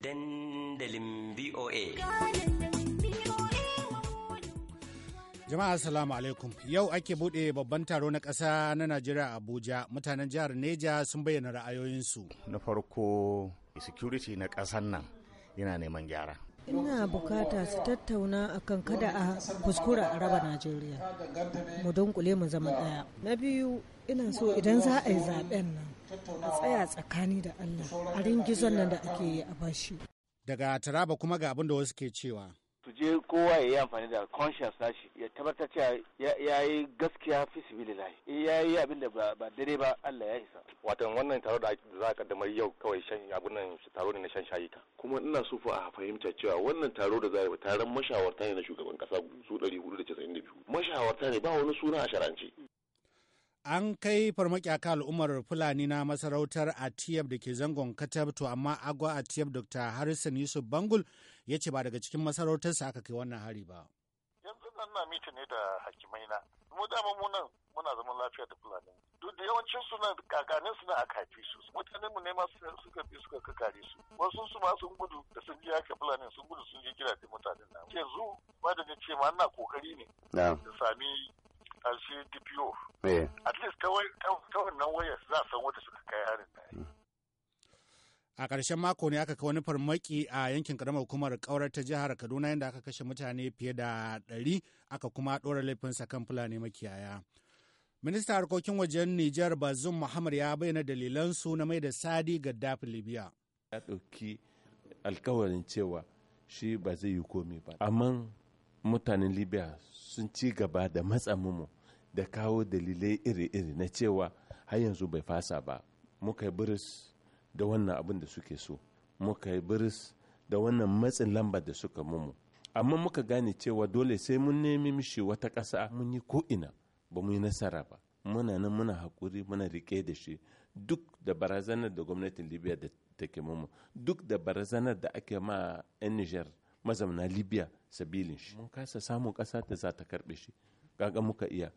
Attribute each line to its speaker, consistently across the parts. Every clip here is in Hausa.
Speaker 1: dandalin VOA.
Speaker 2: Jama'a Assalamu alaikum. Yau ake buɗe babban taro na ƙasa na Najeriya Abuja. Mutanen jihar Neja sun bayyana ra'ayoyinsu. Na farko, security na ƙasar nan yana neman gyara. ina bukata su tattauna a kan kada a kuskura a raba najeriya mu dunkule mu zama daya na biyu ina so idan za a yi zaben nan a tsaya tsakani da allah a ringizon nan da ake yi a bashi daga taraba kuma ga abinda wasu ke cewa je kowa ya yi amfani da conscience nashi ya tabbatar cewa ya yi gaskiya fi sibilillahi eh, ya yi abin da ba dare ba Allah ya isa
Speaker 1: watan wannan taro da za a kaddamar yau kawai shan abin taro ne na shan shayi ka kuma ina so a fahimta cewa wannan taro da za a yi taron mashawarta ne na shugaban kasa su 492 mashawarta ne ba wani suna a sharance
Speaker 2: an kai farmaki aka al'ummar fulani na masarautar atiyab da ke zangon katab to amma agwa atiyab dr harrison yusuf bangul ya ce ba daga cikin masarautarsa aka kai wannan hari ba
Speaker 1: yanzu nan na miti ne da hakimai na mu dama mu nan muna zaman lafiya da fulani duk da yawancin su nan kakanin su na a kafi su mutanen mu ne ma suka bi suka kakare su wasu su ma sun gudu da sun ji haka fulani sun gudu sun je kira da mutanen na yanzu ba da ce ma ana kokari ne da
Speaker 2: sami shi At least ta
Speaker 1: wannan waya za a san wanda suka kai harin na
Speaker 2: hmm. A ƙarshen mako ne aka kai wani farmaki a yankin ƙaramar hukumar ƙaurar ta jihar Kaduna inda aka kashe mutane fiye da ɗari aka kuma ɗora laifin kan Fulani makiyaya. Ministan harkokin wajen Nijar Bazum Muhammad ya bayyana su na mai da Sadi Gaddafi Libya. Ya ɗauki alkawarin cewa shi ba zai yi komi ba. Amma mutanen libya sun ci gaba da matsa mumu da kawo dalilai iri-iri na cewa har yanzu bai fasa ba muka yi biris da wannan abin da suke so muka yi biris da wannan matsin lamba da suka mumu amma muka gane cewa dole sai mun nemi mishi wata ƙasa mun yi ko'ina ba mu yi nasara ba muna nan muna haƙuri muna riƙe da shi duk da barazanar da gwamnatin libya da take mumu duk da barazanar da ake ma 'yan nijar mazauna libya sabilin shi mun kasa samun ƙasa ta za ta karɓe shi kaga muka iya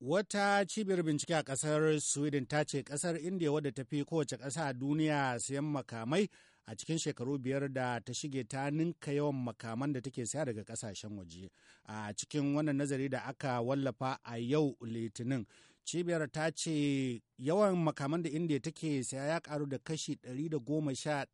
Speaker 2: Wata cibiyar bincike a ƙasar Sweden ta ce ƙasar India wadda ta fi kowace ƙasa a duniya sayan makamai a cikin shekaru biyar da ta shige ta ninka yawan makaman da take saya daga kasashen waje. A cikin wannan nazari da aka wallafa a yau Litinin, cibiyar ta ce yawan makaman da indiya take saya ya karu da kashi 111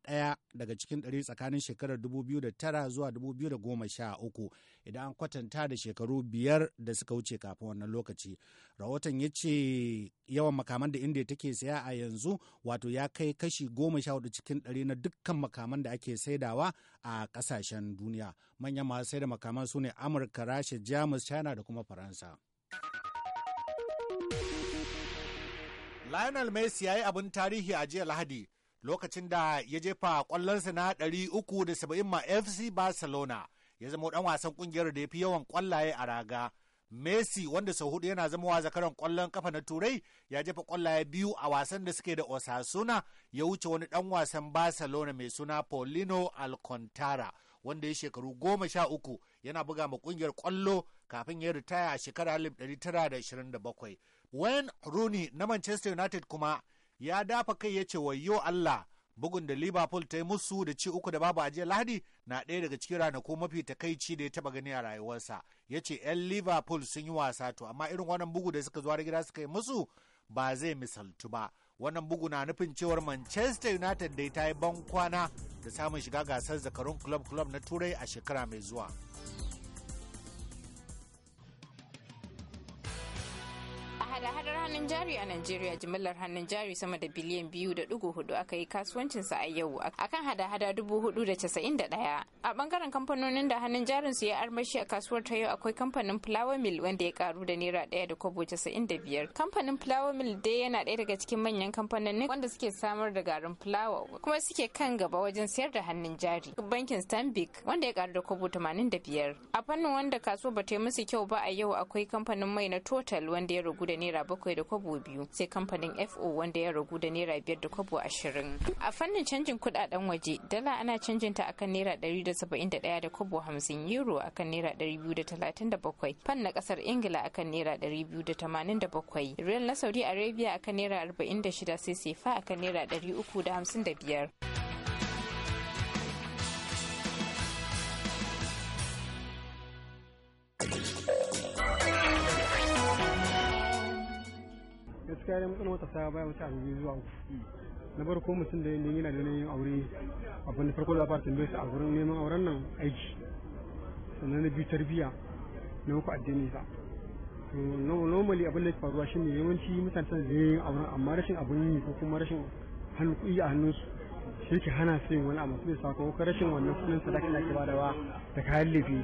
Speaker 2: daga cikin 100 tsakanin shekarar 2009 zuwa 2013 idan an kwatanta da shekaru biyar da suka wuce kafin wannan lokaci rahoton ya ce yawan makaman da indiya take saya a yanzu wato ya kai kashi 14 cikin 100 na dukkan makaman da ake saidawa a kasashen duniya manyan masu saida makaman su ne amurka rasha jamus china da kuma faransa Lionel Messi ya yi abin tarihi a jiya Lahadi lokacin da ya jefa kwallonsa na 370 ma FC Barcelona ya zama dan wasan kungiyar da ya fi yawan kwallaye a raga. Messi wanda sau hudu yana zama wa zakaran kwallon kafa na Turai ya jefa kwallaye biyu a wasan da suke da Osasuna ya wuce wani dan wasan Barcelona mai suna Paulino Alcantara wanda ya shekaru goma sha uku yana buga ma kungiyar kwallo kafin ya ritaya a shekarar 1927. Wayne Rooney na Manchester United kuma ya dafa kai ya ce wayo Allah bugun da Liverpool ta yi musu da ci uku da babu a jiya Lahadi na ɗaya daga cikin ranaku mafi takaici da ya taba gani a rayuwarsa. Ya ce 'yan Liverpool sun yi wasa to amma irin wannan bugu da suka zuwa gida suka yi musu ba zai misaltu ba. Wannan bugu na nufin cewar Manchester United da ta yi ban kwana da samun shiga gasar zakarun club club na Turai a shekara mai zuwa.
Speaker 1: hannun jari a Najeriya jimillar hannun jari sama da biliyan biyu da dugu hudu aka yi kasuwancinsa a yau a kan hada-hada dubu hudu da casa'in da daya. A bangaren kamfanonin da hannun jarin su ya armashi a kasuwar ta yau akwai kamfanin Flower Mill wanda ya karu da naira daya da kobo casa'in da biyar. Kamfanin Flower Mill dai yana daya daga cikin manyan kamfanonin wanda suke samar da garin flower kuma suke kan gaba wajen sayar da hannun jari. Bankin Stanbic wanda ya karu da kobo tamanin da biyar. A fannin wanda kasuwa ba ta yi musu kyau ba a yau akwai kamfanin mai na Total wanda ya rugu da naira bakwai da kwabo biyu sai kamfanin fo wanda ya ragu da naira biyar da kwabo ashirin a fannin canjin kudaden waje dala ana canjin ta akan naira dari da saba'in da ɗaya da kwabo hamsin euro akan naira dari biyu da talatin da bakwai fan na ƙasar ingila akan naira dari biyu da tamanin da bakwai riyal na saudi arabia akan naira arba'in da shida sai sefa akan naira dari uku da hamsin da biyar. gaskiya dai wata sa baya wata abu biyu zuwa uku na farko mutum da yin yana da yanayin aure abin da farko da a fara tambaye su a gurin neman auren nan aiki sannan na biyu tarbiyya na uku addini sa to normally abin da ya faruwa shi ne yawanci mutane suna da yin auren amma rashin abin yi ko kuma rashin hannu kuɗi a su shi ke hana su yin wani abu su bai sako rashin wannan kuɗin sadaki da ake badawa da kayan lafi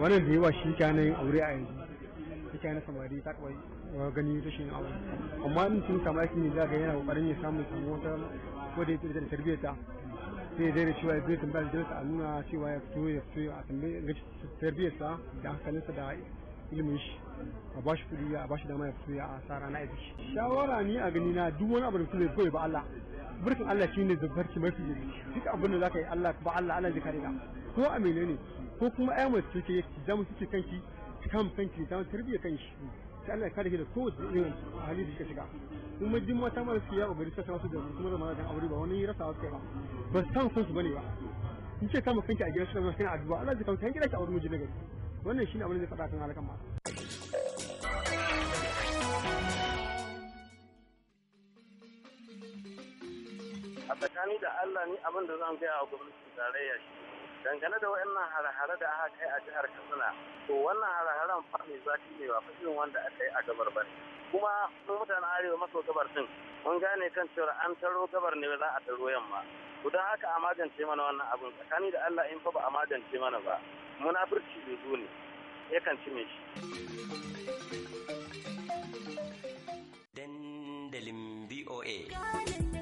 Speaker 1: wannan da yawa shi ke hana yin aure a yanzu shi ke hana samari ta kawai gani rashin abu amma in sun samu aikin ne zaga yana kokarin ya samu samu wata wadda ya da tarbiyyar ta sai dai da cewa zai tambaya da a nuna cewa ya fito ya fito a tambaye ga tarbiyyar da hankalinsa da ilimin shi a ba shi kudi a ba shi dama ya fito ya sa rana ya fice shawara ni a gani na duk wani abu da kuma ya ba Allah burkin Allah shine zabbarki mafi duk abin da zaka yi Allah ba Allah Allah zai kare ka ko a menene ko kuma ai mace ce zamu suke kanki kan kanki zamu tarbiyyar kanki sai Allah ya kare ki da kowace irin hali da kika shiga kuma duk mata mara su ya ubari sai su da kuma da aure ba wani rasa wasu ba ba san son su bane ba in ce kama kanki a gidan su kana addu'a Allah ya kawo kanki da ki aure miji na gari wannan shine abin da zai faɗa kan halakan mata a tsakani da Allah ni abin da zan gaya wa gwamnati tarayya shi dangane da waɗannan hare-hare da aka kai a jihar katsina to wannan hare-haren fami zafi ne ba irin wanda aka yi a gabar ba kuma mu mutanen arewa maso gabar din mun gane kan cewa an taro gabar ne za a taro yamma to haka a magance mana wannan abin tsakani da allah in fa ba a magance mana ba munafurci dodo ne yakan ci shi. dandalin voa